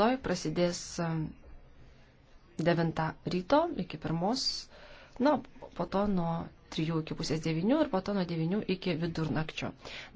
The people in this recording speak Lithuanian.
Toj prasidės 9 um, ryto iki 1, na, po to nuo 3 iki pusės 9 ir po to nuo 9 iki vidurnakčio.